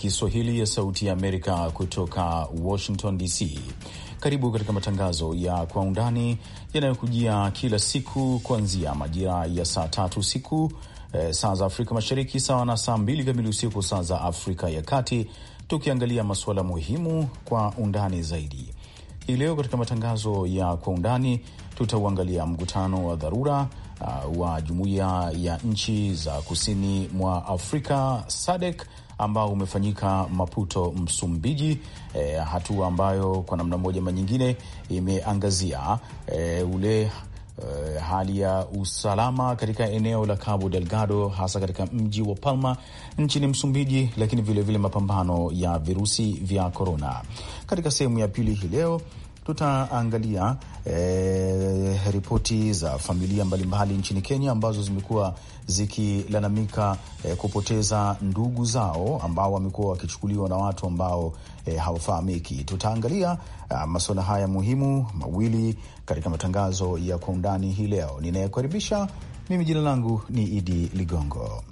Kiswahili ya Sauti ya Amerika kutoka Washington DC. Karibu katika matangazo ya Kwa Undani yanayokujia kila siku kuanzia majira ya saa tatu usiku e, saa za Afrika Mashariki, sawa na saa mbili kamili usiku saa za Afrika ya Kati, tukiangalia masuala muhimu kwa undani zaidi. Hii leo katika matangazo ya Kwa Undani tutauangalia mkutano wa dharura uh, wa Jumuiya ya Nchi za Kusini mwa Afrika SADC ambao umefanyika Maputo, Msumbiji, e, hatua ambayo kwa namna moja ama nyingine imeangazia e, ule Uh, hali ya usalama katika eneo la Cabo Delgado hasa katika mji wa Palma nchini Msumbiji, lakini vilevile vile mapambano ya virusi vya korona. Katika sehemu ya pili hii leo tutaangalia eh, ripoti za familia mbalimbali mbali nchini Kenya ambazo zimekuwa zikilalamika eh, kupoteza ndugu zao ambao wamekuwa wakichukuliwa na watu ambao eh, hawafahamiki. Tutaangalia ah, masuala haya muhimu mawili katika matangazo ya kwa undani hii leo. ninayekaribisha mimi jina langu ni Idi Ligongo.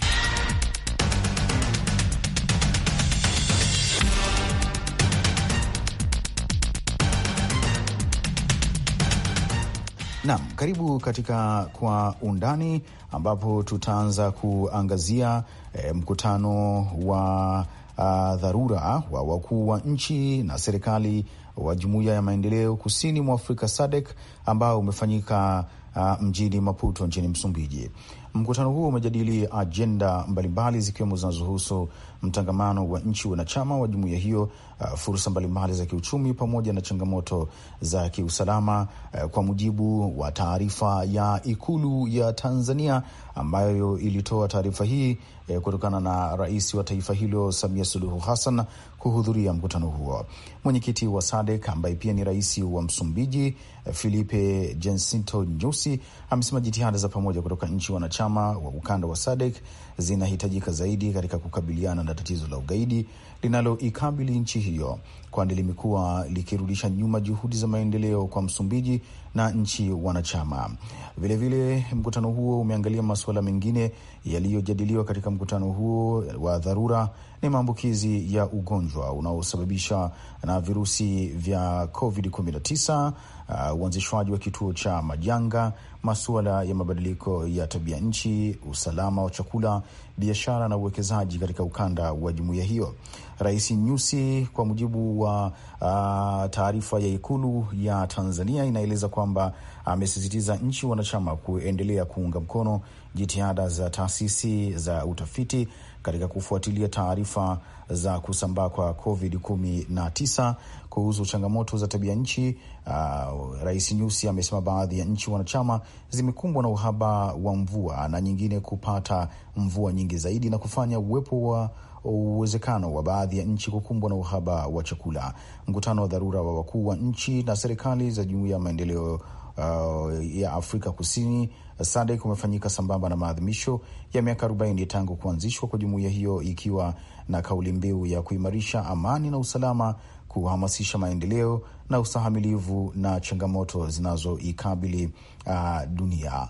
Naam, karibu katika Kwa Undani, ambapo tutaanza kuangazia e, mkutano wa a, ah, dharura wa wakuu wa nchi na serikali wa Jumuiya ya Maendeleo Kusini mwa Afrika SADC ambao umefanyika a, ah, mjini Maputo nchini Msumbiji. Mkutano huo umejadili ajenda mbalimbali zikiwemo zinazohusu mtangamano wa nchi wanachama wa jumuiya hiyo, uh, fursa mbalimbali za kiuchumi pamoja na changamoto za kiusalama, uh, kwa mujibu wa taarifa ya Ikulu ya Tanzania ambayo ilitoa taarifa hii uh, kutokana na rais wa taifa hilo Samia Suluhu Hassan kuhudhuria mkutano huo. Mwenyekiti wa SADC ambaye pia ni rais wa Msumbiji uh, Filipe Jacinto Nyusi amesema jitihada za pamoja kutoka nchi wanachama wa ukanda wa SADC zinahitajika zaidi katika kukabiliana na tatizo la ugaidi linaloikabili nchi hiyo, kwani limekuwa likirudisha nyuma juhudi za maendeleo kwa Msumbiji na nchi wanachama. Vilevile vile, mkutano huo umeangalia masuala mengine yaliyojadiliwa katika mkutano huo wa dharura ni maambukizi ya ugonjwa unaosababisha na virusi vya COVID-19 Uh, uanzishwaji wa kituo cha majanga, masuala ya mabadiliko ya tabia nchi, usalama wa chakula, biashara na uwekezaji katika ukanda wa jumuiya hiyo. Rais Nyusi, kwa mujibu wa uh, taarifa ya Ikulu ya Tanzania, inaeleza kwamba amesisitiza nchi wanachama kuendelea kuunga mkono jitihada za taasisi za utafiti katika kufuatilia taarifa za kusambaa kwa COVID-19 kuhusu changamoto za tabia nchi. Uh, Rais Nyusi amesema baadhi ya nchi wanachama zimekumbwa na uhaba wa mvua na nyingine kupata mvua nyingi zaidi na kufanya uwepo wa uwezekano wa baadhi ya nchi kukumbwa na uhaba wa chakula. Mkutano wa dharura wa wakuu wa nchi na serikali za Jumuiya ya Maendeleo uh, ya Afrika Kusini SADC umefanyika sambamba na maadhimisho ya miaka arobaini tangu kuanzishwa kwa jumuiya hiyo ikiwa na kauli mbiu ya kuimarisha amani na usalama, kuhamasisha maendeleo na ustahamilivu na changamoto zinazoikabili uh, dunia.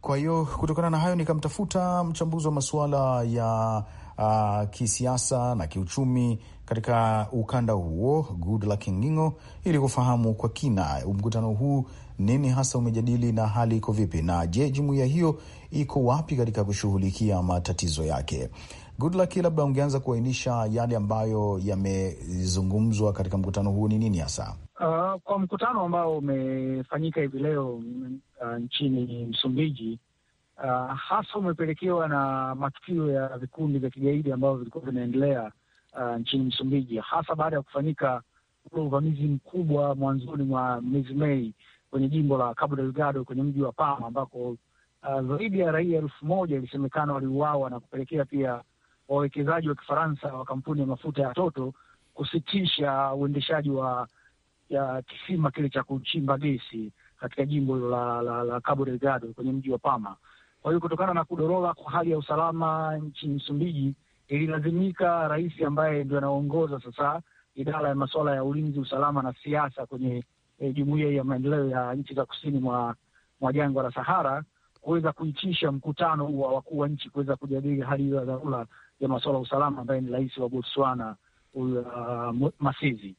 Kwa hiyo kutokana na hayo nikamtafuta mchambuzi wa masuala ya uh, kisiasa na kiuchumi katika ukanda huo, Goodluck Ngingo, ili kufahamu kwa kina mkutano huu nini hasa umejadili na hali iko vipi, na je, jumuiya hiyo iko wapi katika kushughulikia matatizo yake. Goodluck, labda ungeanza kuainisha yale ambayo yamezungumzwa katika mkutano huu ni nini hasa? Uh, kwa mkutano ambao umefanyika hivi leo uh, nchini Msumbiji uh, hasa umepelekewa na matukio ya vikundi vya kigaidi ambavyo vilikuwa vinaendelea uh, nchini Msumbiji, hasa baada ya kufanyika ule uvamizi mkubwa mwanzoni mwa mwezi Mei kwenye jimbo la Cabo Delgado kwenye mji wa Palma ambako ah, zaidi uh, ya raia elfu moja ilisemekana waliuawa na kupelekea pia wawekezaji wa Kifaransa wa kampuni ya mafuta ya toto kusitisha uendeshaji wa ya kisima kile cha kuchimba gesi katika jimbo la, la, la Cabo Delgado kwenye mji wa Palma. Kwa hiyo kutokana na kudorora kwa hali ya usalama nchini Msumbiji, ililazimika rais ambaye ndio anaongoza sasa idara ya masuala ya ulinzi, usalama na siasa kwenye e, jumuiya ya maendeleo ya nchi za kusini mwa, mwa jangwa la Sahara kuweza kuitisha mkutano wa wakuu wa nchi kuweza kujadili hali hiyo ya dharura ya masuala ya usalama, ambaye ni rais wa Botswana uh, Masisi.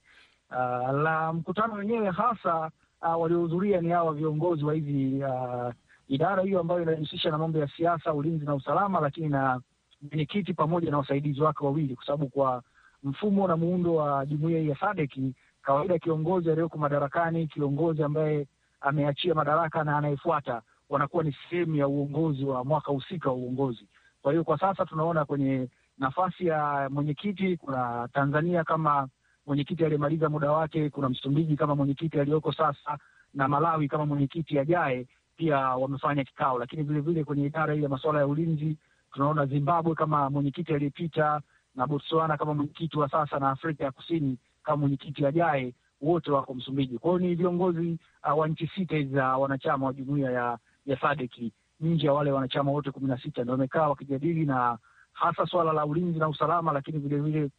Uh, la mkutano wenyewe hasa uh, waliohudhuria ni hawa viongozi wa hizi uh, idara hiyo ambayo inajihusisha na mambo ya siasa, ulinzi na usalama, lakini na mwenyekiti pamoja na wasaidizi wake wawili, kwa sababu kwa mfumo na muundo wa jumuiya hii ya Sadeki, kawaida kiongozi aliyoko madarakani, kiongozi ambaye ameachia madaraka na anayefuata wanakuwa ni sehemu ya uongozi wa mwaka husika wa uongozi. Kwa hiyo kwa sasa tunaona kwenye nafasi ya mwenyekiti kuna Tanzania kama mwenyekiti aliyemaliza muda wake, kuna Msumbiji kama mwenyekiti aliyoko sasa na Malawi kama mwenyekiti ajaye pia wamefanya kikao, lakini vilevile kwenye idara hii ya masuala ya ulinzi tunaona Zimbabwe kama mwenyekiti aliyepita na Botswana kama mwenyekiti wa sasa na Afrika ya Kusini kama mwenyekiti ajaye wote wako Msumbiji. Kwa hiyo ni viongozi uh, wa nchi sita za wanachama wa jumuiya ya, ya Sadeki nje ya wale wanachama wote kumi na sita ndio wamekaa wakijadili na hasa swala la ulinzi na usalama, lakini vilevile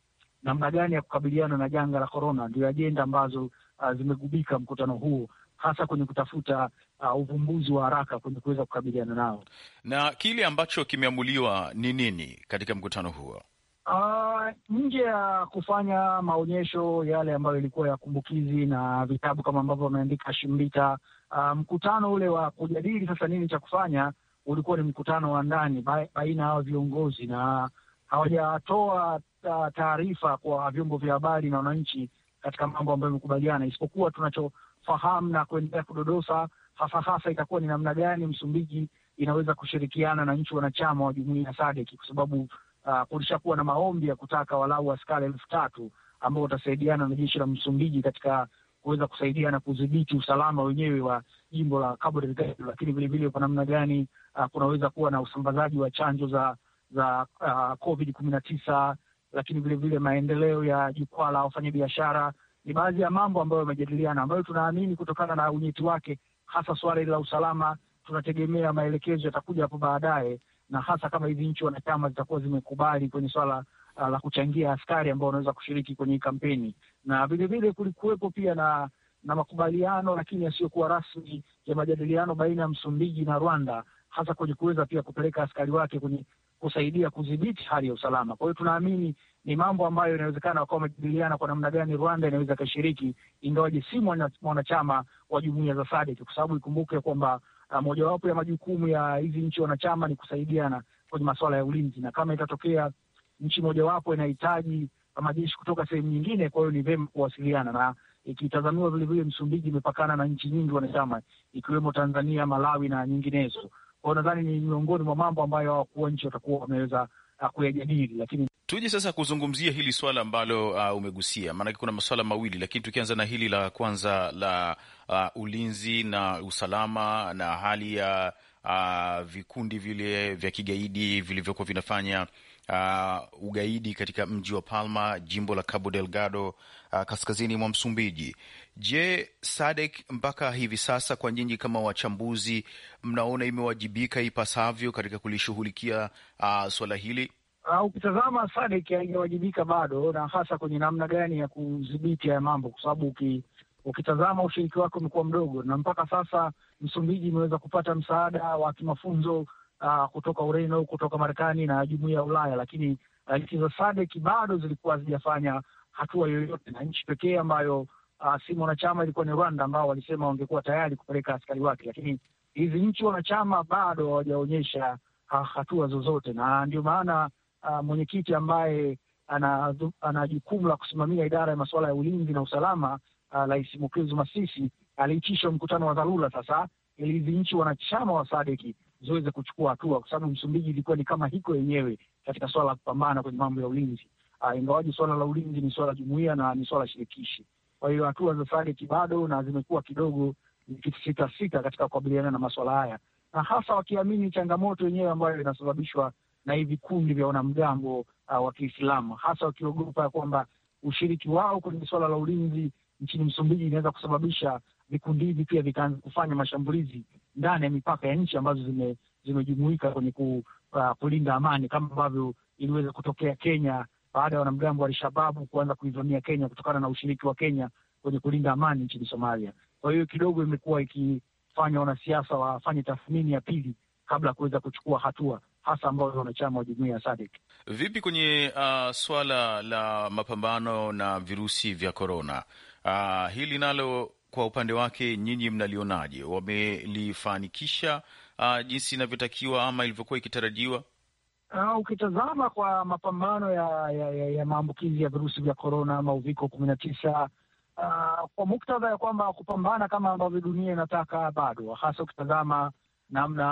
namna gani ya kukabiliana na janga la korona, ndio ajenda ambazo uh, zimegubika mkutano huo, hasa kwenye kutafuta uh, uvumbuzi wa haraka kwenye kuweza kukabiliana nao. Na kile ambacho kimeamuliwa ni nini katika mkutano huo? Uh, nje ya kufanya maonyesho yale ambayo ilikuwa ya kumbukizi na vitabu kama ambavyo wameandika Shimbita, uh, mkutano ule wa kujadili sasa nini cha kufanya ulikuwa ni mkutano wa ndani baina ya viongozi na hawajatoa uh, taarifa kwa vyombo vya habari na wananchi katika mambo ambayo amekubaliana isipokuwa tunachofahamu na kuendelea kudodosa hasa hasa itakuwa ni namna gani Msumbiji inaweza kushirikiana na nchi wanachama wa jumuia ya SADC kwa sababu uh, kulishakuwa na maombi ya kutaka walau askari elfu tatu ambao watasaidiana na jeshi la Msumbiji katika kuweza kusaidia na kudhibiti usalama wenyewe wa jimbo la Cabo Delgado, lakini vilevile kwa namna gani uh, kunaweza kuwa na usambazaji wa chanjo za za uh, COVID kumi na tisa, lakini vilevile maendeleo ya jukwaa la wafanyabiashara. Ni baadhi ya mambo ambayo yamejadiliana, ambayo tunaamini kutokana na unyeti wake hasa suala hili la usalama. Tunategemea maelekezo yatakuja hapo baadaye, na hasa kama hizi nchi wanachama zitakuwa zimekubali kwenye swala uh, la kuchangia askari ambao wanaweza kushiriki kwenye kampeni, na vilevile kulikuwepo pia na na makubaliano lakini yasiyokuwa rasmi ya majadiliano baina ya Msumbiji na Rwanda hasa kwenye kuweza pia kupeleka askari wake kwenye kusaidia kudhibiti hali ya usalama. Kwa hiyo tunaamini ni mambo ambayo inawezekana wakawa wamejadiliana kwa namna gani Rwanda inaweza ikashiriki, ingawaje si mwanachama wa jumuiya za SADC, kwa sababu ikumbuke kwamba ah, mojawapo ya majukumu ya hizi nchi wanachama ni kusaidiana kwenye masuala ya ulinzi, na kama itatokea nchi mojawapo inahitaji majeshi kutoka sehemu nyingine, kwa hiyo ni vyema kuwasiliana na ikitazamiwa vilevile, Msumbiji imepakana na nchi nyingi wanachama ikiwemo Tanzania, Malawi na nyinginezo kwao. Nadhani ni miongoni mwa mambo ambayo wakuu wa nchi watakuwa wameweza uh, kuyajadili, lakini tuje sasa kuzungumzia hili swala ambalo uh, umegusia, maanake kuna masuala mawili, lakini tukianza na hili la kwanza la uh, ulinzi na usalama na hali ya uh, vikundi vile vya kigaidi vilivyokuwa vinafanya uh, ugaidi katika mji wa Palma, jimbo la Cabo Delgado Uh, kaskazini mwa Msumbiji. Je, Sadek mpaka hivi sasa kwa nyinyi kama wachambuzi mnaona imewajibika ipasavyo katika kulishughulikia uh, suala hili? Uh, ukitazama Sadek haijawajibika bado, na hasa kwenye namna gani ya kudhibiti haya mambo, kwa sababu ukitazama ushiriki wake umekuwa mdogo, na mpaka sasa Msumbiji imeweza kupata msaada wa kimafunzo uh, kutoka Ureno, kutoka Marekani na jumuiya ya Ulaya, lakini uh, nchi uh, za Sadek bado zilikuwa hazijafanya hatua yoyote, na nchi pekee ambayo Uh, si mwanachama ilikuwa ni Rwanda ambao walisema wangekuwa tayari kupeleka askari wake, lakini hizi nchi wanachama bado hawajaonyesha uh, hatua zozote, na ndio maana uh, mwenyekiti ambaye ana, jukumu la kusimamia idara ya masuala ya ulinzi na usalama ah, Rais uh, Mukizu Masisi aliitisha mkutano wa dharura sasa, ili hizi nchi wanachama wa Sadeki ziweze kuchukua hatua, kwa sababu Msumbiji ilikuwa ni kama hiko yenyewe katika swala la kupambana kwenye mambo ya ulinzi uh, ah, ingawaji swala la ulinzi ni swala jumuia na ni swala shirikishi. Kwa hiyo hatua za SADC bado na zimekuwa kidogo zikisitasita katika kukabiliana na maswala haya, na hasa wakiamini changamoto yenyewe ambayo inasababishwa na hivi kundi vya wanamgambo uh, wa Kiislamu, hasa wakiogopa kwamba ushiriki wao kwenye swala la ulinzi nchini Msumbiji inaweza kusababisha vikundi hivi pia vikaanza kufanya mashambulizi ndani ya mipaka ya nchi ambazo zime, zimejumuika kwenye ku, uh, kulinda amani kama ambavyo iliweza kutokea Kenya baada ya wanamgambo wa Alshababu kuanza kuivamia Kenya kutokana na ushiriki wa Kenya kwenye kulinda amani nchini Somalia. Kwa hiyo kidogo imekuwa ikifanya wanasiasa wafanye tathmini ya pili kabla ya kuweza kuchukua hatua hasa ambao wanachama wa jumuiya ya SADC. Vipi kwenye uh, swala la mapambano na virusi vya korona? Uh, hili nalo kwa upande wake nyinyi mnalionaje? Wamelifanikisha uh, jinsi inavyotakiwa ama ilivyokuwa ikitarajiwa? Uh, ukitazama kwa mapambano ya, ya, ya, ya maambukizi ya virusi vya korona ama uviko kumi na tisa uh, ah, kwa muktadha ya kwamba kupambana kama ambavyo dunia inataka bado, hasa ukitazama namna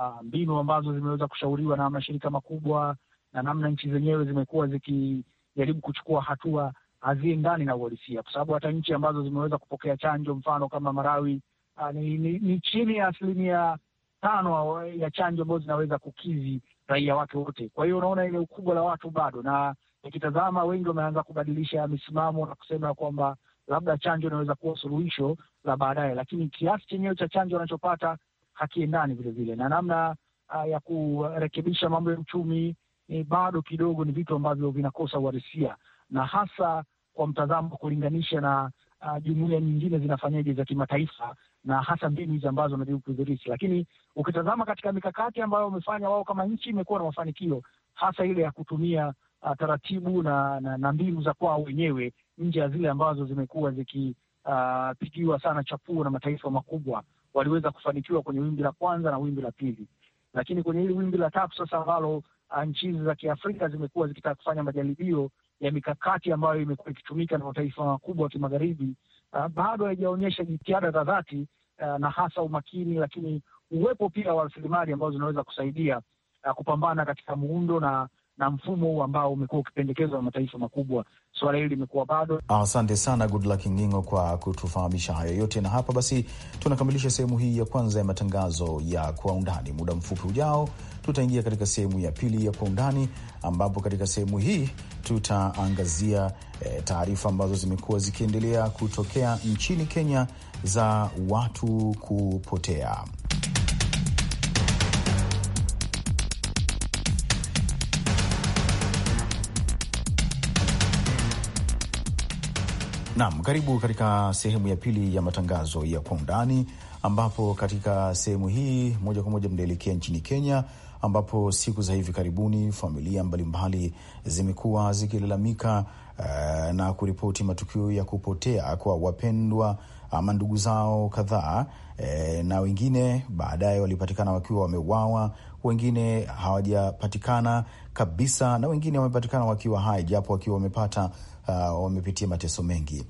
ah, mbinu ambazo zimeweza kushauriwa na mashirika makubwa na namna nchi zenyewe zimekuwa zikijaribu kuchukua hatua haziendani na uhalisia, kwa sababu hata nchi ambazo zimeweza kupokea chanjo mfano kama Marawi uh, ni, ni, ni chini ya asilimia tano ya chanjo ambazo zinaweza kukidhi raia wake wote. Kwa hiyo unaona ile ukubwa la watu bado, na nikitazama wengi wameanza kubadilisha misimamo na kusema kwamba labda chanjo inaweza kuwa suluhisho la baadaye, lakini kiasi chenyewe cha chanjo wanachopata hakiendani vile vile na namna uh, ya kurekebisha mambo ya uchumi eh, bado kidogo ni vitu ambavyo vinakosa uharisia na hasa kwa mtazamo wa kulinganisha na uh, jumuia nyingine zinafanyaje za kimataifa na hasa mbinu hizi ambazo wanajaribu kuzirisi. Lakini ukitazama katika mikakati ambayo wamefanya wao kama nchi, imekuwa na mafanikio hasa ile ya kutumia uh, taratibu na, na, na mbinu za kwao wenyewe nje ya zile ambazo zimekuwa zikipigiwa ah, uh, sana chapuo na mataifa makubwa. Waliweza kufanikiwa kwenye wimbi la kwanza na wimbi la pili, lakini kwenye hili wimbi la tatu sasa ambalo nchi hizi za Kiafrika zimekuwa zikitaka kufanya majaribio ya mikakati ambayo imekuwa ikitumika na mataifa makubwa ya kimagharibi uh, bado haijaonyesha jitihada za dhati uh, na hasa umakini, lakini uwepo pia wa rasilimali ambazo zinaweza kusaidia uh, kupambana katika muundo na na mfumo huu ambao umekuwa ukipendekezwa na mataifa makubwa, suala hili limekuwa bado. Asante sana Goodluck Ngingo kwa kutufahamisha hayo yote, na hapa basi tunakamilisha sehemu hii ya kwanza ya matangazo ya kwa undani. Muda mfupi ujao, tutaingia katika sehemu ya pili ya kwa undani, ambapo katika sehemu hii tutaangazia e, taarifa ambazo zimekuwa zikiendelea kutokea nchini Kenya za watu kupotea. Naam, karibu katika sehemu ya pili ya matangazo ya kwa undani, ambapo katika sehemu hii moja kwa moja mnaelekea nchini Kenya, ambapo siku za hivi karibuni familia mbalimbali zimekuwa zikilalamika uh, na kuripoti matukio ya kupotea kwa wapendwa ama ndugu zao kadhaa e, na wengine baadaye walipatikana wakiwa wameuawa, wengine hawajapatikana kabisa, na wengine wamepatikana wakiwa hai japo wakiwa wamepata uh, wamepitia mateso mengi.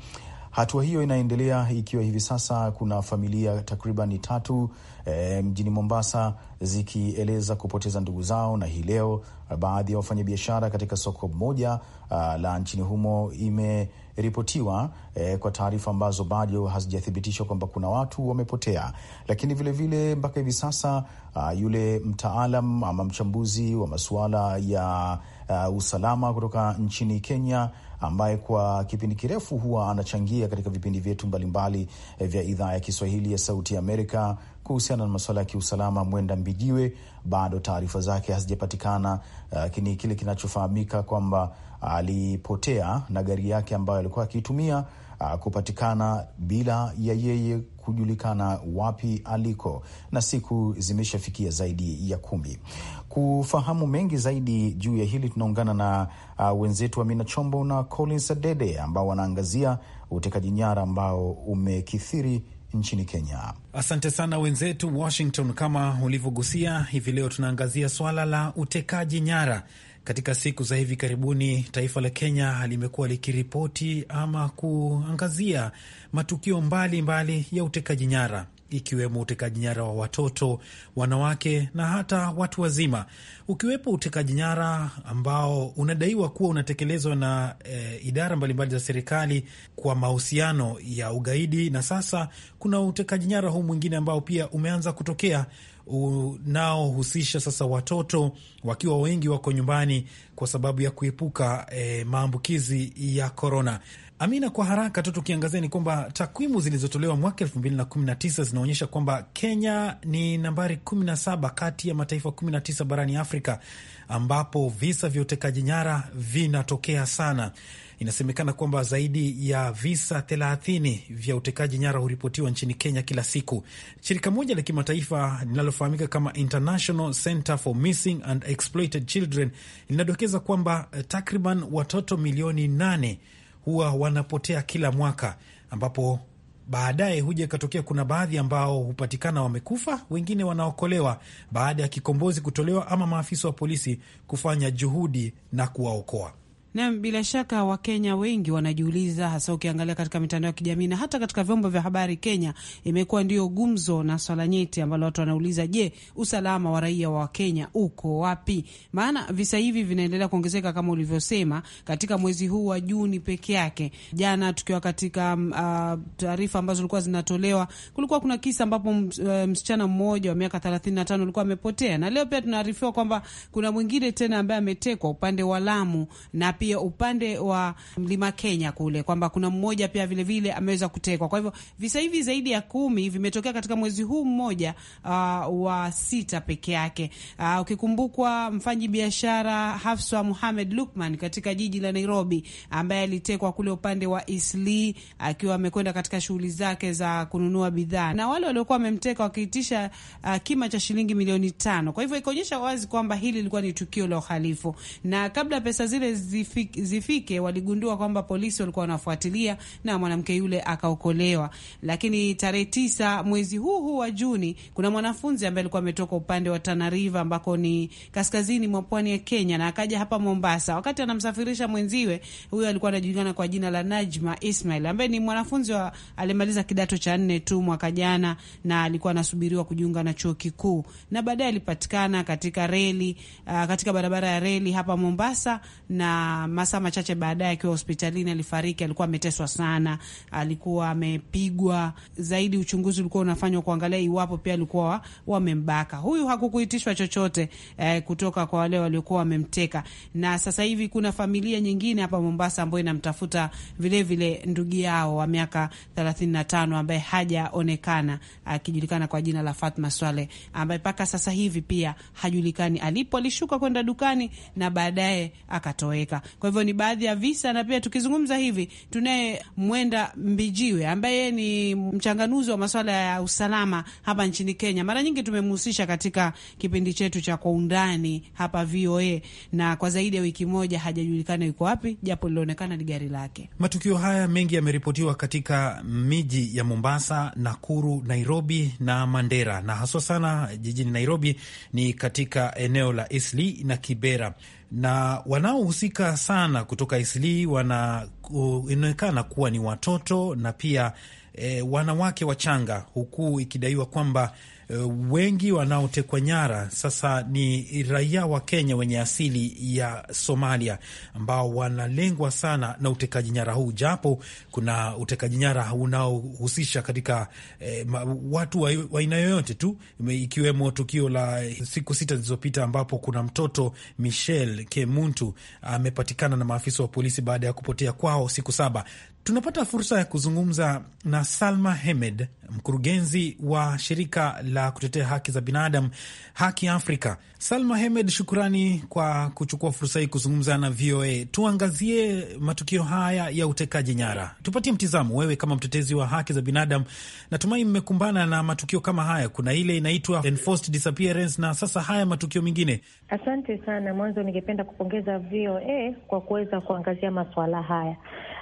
Hatua hiyo inaendelea ikiwa hivi sasa kuna familia takribani tatu e, mjini Mombasa zikieleza kupoteza ndugu zao, na hii leo eh, baadhi ya wafanyabiashara katika soko moja a, ah, la nchini humo imeripotiwa e, kwa taarifa ambazo bado hazijathibitishwa kwamba kuna watu wamepotea, lakini vilevile mpaka hivi sasa a, ah, yule mtaalam ama mchambuzi wa masuala ya a, ah, usalama kutoka nchini Kenya ambaye kwa kipindi kirefu huwa anachangia katika vipindi vyetu mbalimbali eh, vya idhaa ya Kiswahili ya Sauti ya Amerika kuhusiana na masuala ya kiusalama. Mwenda Mbijiwe, bado taarifa zake hazijapatikana, eh, lakini kile kinachofahamika kwamba alipotea na gari yake ambayo alikuwa akiitumia uh, kupatikana bila ya yeye kujulikana wapi aliko, na siku zimeshafikia zaidi ya kumi. Kufahamu mengi zaidi juu ya hili, tunaungana na uh, wenzetu mina Chombo na Collins Adede ambao wanaangazia utekaji nyara ambao umekithiri nchini Kenya. Asante sana wenzetu Washington. Kama ulivyogusia hivi leo, tunaangazia swala la utekaji nyara katika siku za hivi karibuni taifa la Kenya limekuwa likiripoti ama kuangazia matukio mbalimbali mbali ya utekaji nyara ikiwemo utekaji nyara wa watoto, wanawake na hata watu wazima, ukiwepo utekaji nyara ambao unadaiwa kuwa unatekelezwa na e, idara mbalimbali za serikali kwa mahusiano ya ugaidi, na sasa kuna utekaji nyara huu mwingine ambao pia umeanza kutokea unaohusisha sasa watoto wakiwa wengi wako nyumbani kwa sababu ya kuepuka e, maambukizi ya korona. Amina, kwa haraka tu tukiangazia ni kwamba takwimu zilizotolewa mwaka tisa zinaonyesha kwamba Kenya ni nambari saba kati ya mataifa tisa barani Afrika ambapo visa vya utekaji nyara vinatokea sana. Inasemekana kwamba zaidi ya visa 30 vya utekaji nyara huripotiwa nchini Kenya kila siku. Shirika moja la kimataifa linalofahamika kama International Center for Missing and Exploited Children linadokeza kwamba eh, takriban watoto milioni 8 huwa wanapotea kila mwaka ambapo baadaye huja ikatokea kuna baadhi ambao hupatikana wamekufa, wengine wanaokolewa baada ya kikombozi kutolewa ama maafisa wa polisi kufanya juhudi na kuwaokoa. Naam, bila shaka Wakenya wengi wanajiuliza, hasa ukiangalia katika mitandao ya kijamii na hata katika vyombo vya habari. Kenya imekuwa ndio gumzo na swala nyeti ambalo watu wanauliza, je, usalama wa raia wa Kenya uko wapi? Maana visa hivi vinaendelea kuongezeka kama ulivyosema, katika mwezi huu wa Juni peke yake. Jana tukiwa katika uh, taarifa ambazo zilikuwa zinatolewa, kulikuwa kuna kisa ambapo mm, eh, msichana mmoja wa miaka 35 alikuwa amepotea, na leo pia tunaarifiwa kwamba kuna mwingine tena ambaye ametekwa upande wa Lamu na pia upande wa mlima Kenya kule kwamba kuna mmoja pia vilevile vile ameweza kutekwa. Kwa hivyo visa hivi zaidi ya kumi vimetokea katika mwezi huu mmoja uh, wa sita peke yake. Uh, ukikumbukwa mfanyi biashara Hafsa Muhamed Lukman katika jiji la Nairobi ambaye alitekwa kule upande wa Isli akiwa amekwenda katika shughuli zake za kununua bidhaa, na wale waliokuwa wamemteka wakiitisha uh, kima cha shilingi milioni tano. Kwa hivyo ikaonyesha wazi kwamba hili lilikuwa ni tukio la uhalifu na kabla pesa zile zi zifike, zifike waligundua kwamba polisi walikuwa wanafuatilia na mwanamke yule akaokolewa. Lakini tarehe tisa mwezi huu huu wa Juni, kuna mwanafunzi ambaye alikuwa ametoka upande wa Tana River ambako ni kaskazini mwa pwani ya Kenya na akaja hapa Mombasa. Wakati anamsafirisha mwenziwe, huyo alikuwa anajulikana kwa jina la Najma Ismail ambaye ni mwanafunzi wa alimaliza kidato cha nne tu mwaka jana na alikuwa anasubiriwa kujiunga na chuo kikuu na baadaye alipatikana katika reli, uh, katika barabara ya reli hapa Mombasa na masaa machache baadaye akiwa hospitalini alifariki. Alikuwa ameteswa sana, alikuwa amepigwa zaidi. Uchunguzi ulikuwa unafanywa kuangalia iwapo pia alikuwa wamembaka. Huyu hakukuitishwa chochote eh, kutoka kwa wale waliokuwa wamemteka, na sasa hivi kuna familia nyingine hapa Mombasa ambayo inamtafuta vilevile ndugu yao wa miaka 35 ambaye hajaonekana, akijulikana kwa jina la Fatma Swale, ambaye mpaka sasa hivi pia hajulikani alipo. Alishuka kwenda dukani na baadaye akatoweka. Kwa hivyo ni baadhi ya visa, na pia tukizungumza hivi tunaye Mwenda Mbijiwe ambaye ni mchanganuzi wa masuala ya usalama hapa nchini Kenya. Mara nyingi tumemhusisha katika kipindi chetu cha Kwa Undani hapa VOA, na kwa zaidi ya wiki moja hajajulikana yuko wapi, japo lilionekana ni gari lake. Matukio haya mengi yameripotiwa katika miji ya Mombasa, Nakuru, Nairobi na Mandera, na haswa sana jijini Nairobi ni katika eneo la Isli na Kibera na wanaohusika sana kutoka Isli wanaonekana kuwa ni watoto na pia e, wanawake wachanga, huku ikidaiwa kwamba Eh, wengi wanaotekwa nyara sasa ni raia wa Kenya wenye asili ya Somalia ambao wanalengwa sana na utekaji nyara huu, japo kuna utekaji nyara unaohusisha katika eh, watu wa aina yoyote tu, ikiwemo tukio la siku sita zilizopita ambapo kuna mtoto Michel Kemuntu amepatikana na maafisa wa polisi baada ya kupotea kwao siku saba tunapata fursa ya kuzungumza na Salma Hemed, mkurugenzi wa shirika la kutetea haki za binadamu Haki Afrika. Salma Hemed, shukrani kwa kuchukua fursa hii kuzungumza na VOA. Tuangazie matukio haya ya utekaji nyara, tupatie mtizamo. Wewe kama mtetezi wa haki za binadamu, natumai mmekumbana na matukio kama haya. Kuna ile inaitwa enforced disappearance na sasa haya matukio mengine. Asante sana. Mwanzo ningependa kupongeza VOA kwa kuweza kuangazia maswala haya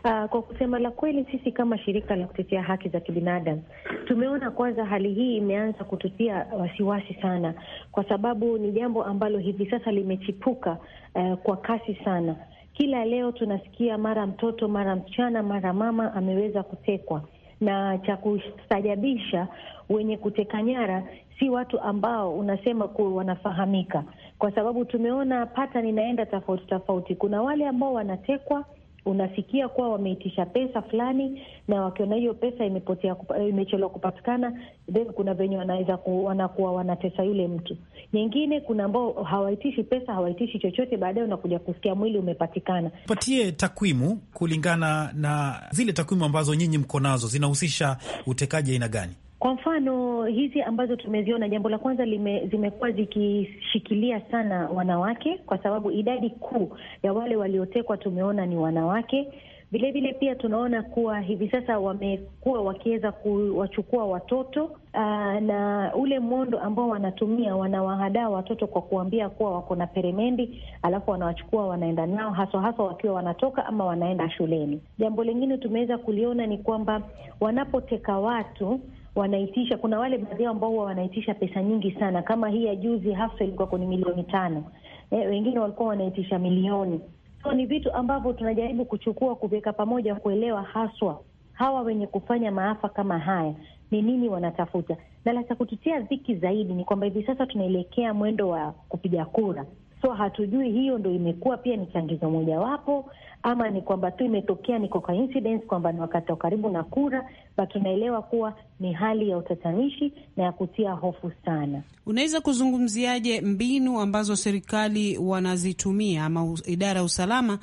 Uh, kwa kusema la kweli, sisi kama shirika la kutetea haki za kibinadamu tumeona kwanza hali hii imeanza kututia wasiwasi sana, kwa sababu ni jambo ambalo hivi sasa limechipuka uh, kwa kasi sana. Kila leo tunasikia mara mtoto, mara msichana, mara mama ameweza kutekwa, na cha kustajabisha wenye kuteka nyara si watu ambao unasema kuwa wanafahamika, kwa sababu tumeona pattern inaenda tofauti tofauti. Kuna wale ambao wanatekwa unasikia kuwa wameitisha pesa fulani, na wakiona hiyo pesa imepotea, imechelewa kupatikana, then kuna venye wanaweza ku, wanakuwa wanatesa yule mtu. Nyingine kuna ambao hawaitishi pesa, hawaitishi chochote, baadaye unakuja kusikia mwili umepatikana. Patie takwimu kulingana na zile takwimu ambazo nyinyi mko nazo, zinahusisha utekaji aina gani? Kwa mfano hizi ambazo tumeziona, jambo la kwanza lime, zimekuwa zikishikilia sana wanawake, kwa sababu idadi kuu ya wale waliotekwa tumeona ni wanawake. Vilevile pia tunaona kuwa hivi sasa wamekuwa wakiweza kuwachukua watoto aa, na ule mwondo ambao wanatumia, wanawahadaa watoto kwa kuambia kuwa wako na peremendi, alafu wanawachukua wanaenda nao, haswa haswa wakiwa wanatoka ama wanaenda shuleni. Jambo lingine tumeweza kuliona ni kwamba wanapoteka watu wanaitisha, kuna wale baadhi yao ambao huwa wanaitisha pesa nyingi sana, kama hii ya juzi hasa ilikuwa kwenye milioni tano. Eh, wengine walikuwa wanaitisha milioni. So ni vitu ambavyo tunajaribu kuchukua, kuweka pamoja, kuelewa haswa hawa wenye kufanya maafa kama haya ni nini wanatafuta. Na la cha kututia dhiki zaidi ni kwamba hivi sasa tunaelekea mwendo wa kupiga kura, so hatujui, hiyo ndo imekuwa pia ni changizo mojawapo ama ni kwamba tu imetokea ni kwa coincidence kwamba ni wakati wa karibu na kura, but tunaelewa kuwa ni hali ya utatanishi na ya kutia hofu sana. Unaweza kuzungumziaje mbinu ambazo serikali wanazitumia ama idara ya usalama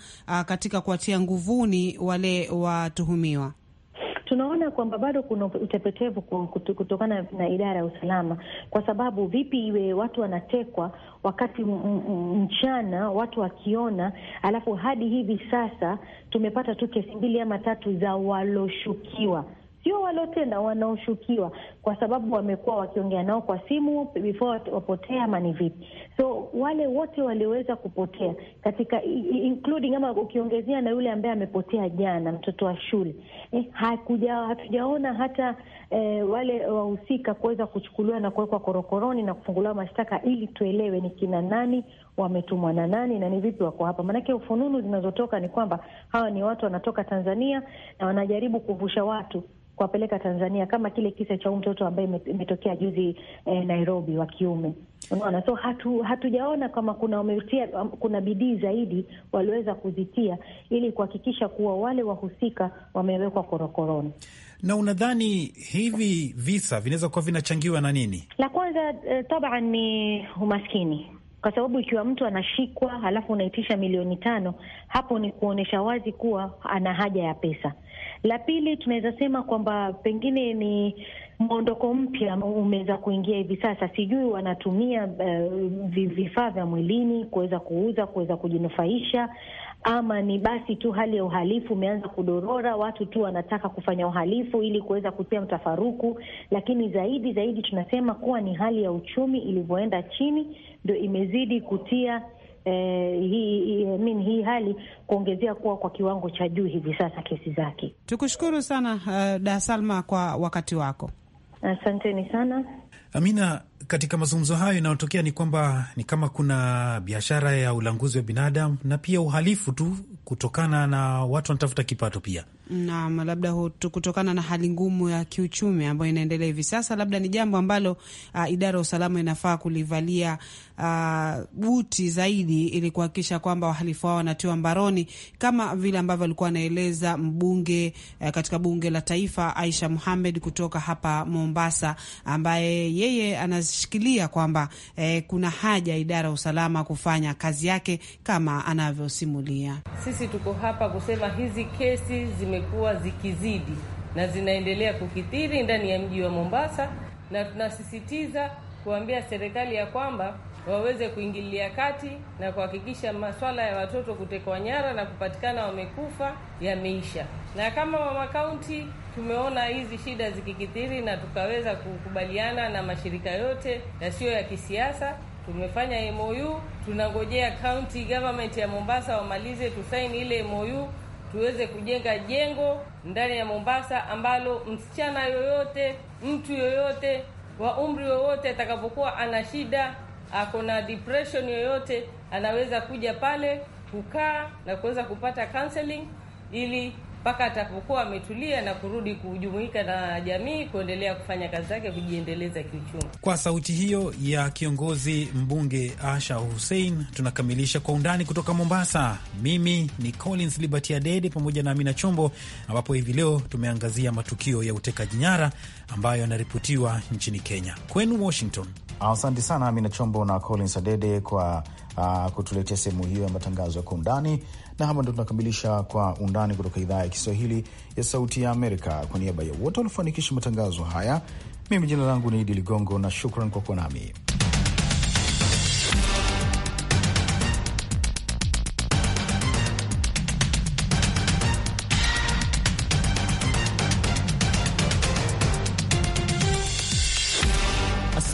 katika kuwatia nguvuni wale watuhumiwa? tunaona kwamba bado kuna utepetevu kutokana na idara ya usalama, kwa sababu vipi iwe watu wanatekwa wakati mchana watu wakiona, alafu hadi hivi sasa tumepata tu kesi mbili ama tatu za waloshukiwa sio waliotenda, wanaoshukiwa, kwa sababu wamekuwa wakiongea nao kwa simu before wapotea ama ni vipi. So wale wote walioweza kupotea katika including, ama ukiongezea na yule ambaye amepotea jana, mtoto wa shule eh, hakuja, hatujaona hata eh, wale wahusika kuweza kuchukuliwa na kuwekwa korokoroni na kufunguliwa mashtaka ili tuelewe ni kina nani wametumwa na nani na ni vipi wako hapa. Maanake ufununu zinazotoka ni kwamba hawa ni watu wanatoka Tanzania na wanajaribu kuvusha watu kuwapeleka Tanzania, kama kile kisa cha huu mtoto ambaye imetokea juzi eh, Nairobi, wa kiume. Unaona, so hatu hatujaona kama kuna umetia, um, kuna bidii zaidi waliweza kuzitia ili kuhakikisha kuwa wale wahusika wamewekwa korokoroni. Na unadhani hivi visa vinaweza kuwa vinachangiwa na nini? La kwanza eh, taban ni umaskini kwa sababu ikiwa mtu anashikwa halafu unaitisha milioni tano, hapo ni kuonyesha wazi kuwa ana haja ya pesa. La pili tunaweza sema kwamba pengine ni mwondoko mpya umeweza kuingia hivi sasa. Sijui wanatumia uh, vifaa vya mwilini kuweza kuuza, kuweza kujinufaisha, ama ni basi tu hali ya uhalifu umeanza kudorora, watu tu wanataka kufanya uhalifu ili kuweza kutia mtafaruku. Lakini zaidi zaidi tunasema kuwa ni hali ya uchumi ilivyoenda chini, ndo imezidi kutia eh, hii min eh, hii hali kuongezea kuwa kwa kiwango cha juu hivi sasa kesi zake. Tukushukuru sana uh, Da Salma kwa wakati wako, asanteni sana Amina. Katika mazungumzo hayo inayotokea ni kwamba ni kama kuna biashara ya ulanguzi wa binadamu na pia uhalifu tu kutokana na watu wanatafuta kipato pia Naam, labda kutokana na hali ngumu ya kiuchumi ambayo inaendelea hivi sasa, labda ni jambo ambalo uh, idara ya usalama inafaa kulivalia buti ah, uh, zaidi ili kuhakikisha kwamba wahalifu hao wanatiwa mbaroni kama vile ambavyo alikuwa anaeleza mbunge uh, katika bunge la taifa Aisha Muhammad kutoka hapa Mombasa, ambaye yeye anashikilia kwamba uh, kuna haja idara ya usalama kufanya kazi yake kama anavyosimulia. Sisi tuko hapa kusema hizi kesi zime zimekuwa zikizidi na zinaendelea kukithiri ndani ya mji wa Mombasa, na tunasisitiza kuambia serikali ya kwamba waweze kuingilia kati na kuhakikisha maswala ya watoto kutekwa nyara na kupatikana wamekufa yameisha. Na kama mama kaunti tumeona hizi shida zikikithiri, na tukaweza kukubaliana na mashirika yote yasiyo ya kisiasa, tumefanya MOU. Tunangojea county government ya Mombasa wamalize tusaini ile MOU tuweze kujenga jengo ndani ya Mombasa ambalo msichana yoyote, mtu yoyote wa umri wowote atakapokuwa ana shida, ako na depression yoyote, anaweza kuja pale kukaa na kuweza kupata counseling ili mpaka atapokuwa ametulia na kurudi kujumuika na jamii kuendelea kufanya kazi zake kujiendeleza kiuchumi. Kwa sauti hiyo ya kiongozi mbunge Asha Hussein, tunakamilisha Kwa Undani kutoka Mombasa. Mimi ni Collins Liberty Adede pamoja na Amina Chombo, ambapo hivi leo tumeangazia matukio ya utekaji nyara ambayo yanaripotiwa nchini Kenya. Kwenu Washington, asante sana Amina Chombo na Collins Adede kwa uh, kutuletea sehemu hiyo ya matangazo ya kwa undani, na hapa ndo tunakamilisha kwa undani kutoka idhaa ya Kiswahili ya Sauti ya Amerika. Kwa niaba ya wote waliofanikisha matangazo haya, mimi jina langu ni Idi Ligongo na shukran kwa kuwa nami.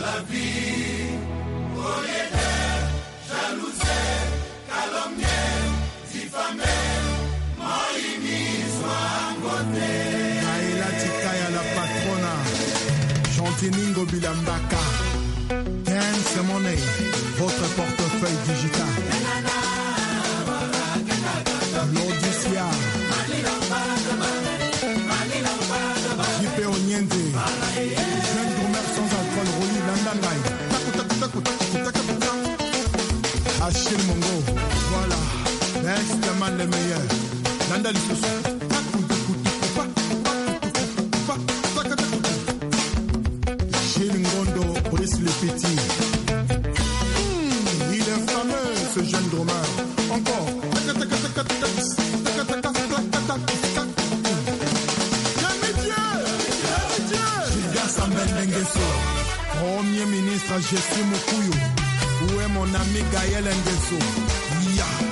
La vie voyez-tu jalousez calomnie si femme ma iniswan côté et la chica la patrona janteningo bilambaka dance money votre portefeuille digital les le petit. il est fameux, ce jeune Encore. Premier ministre, je suis Où est mon ami Gaël ngesso Yeah.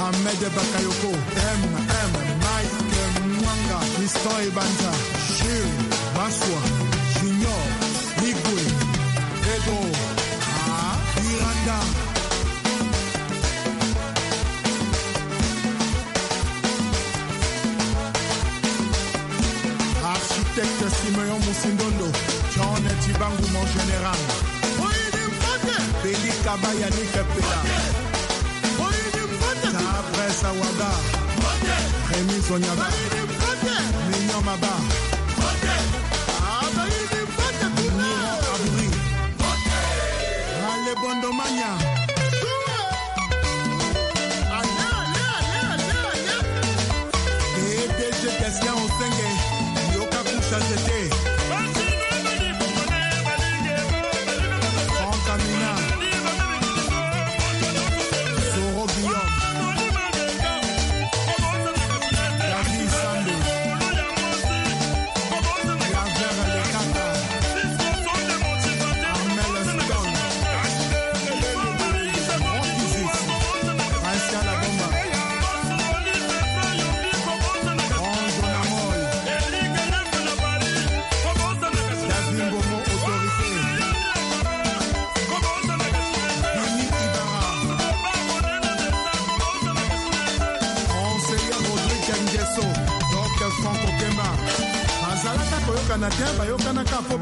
Hamed Bakayoko, M. M. Mike Mwanga, Mr. Ibanza, Shir, Baswa, Junior, Igwe, Edo, ah, Miranda. Architecte Simeon Moussindondo, John Tibangu, mon général. Béli Kabayanik Pela sawada emi sonyaba minyamaba niho aburi alebondomania. Question Yoka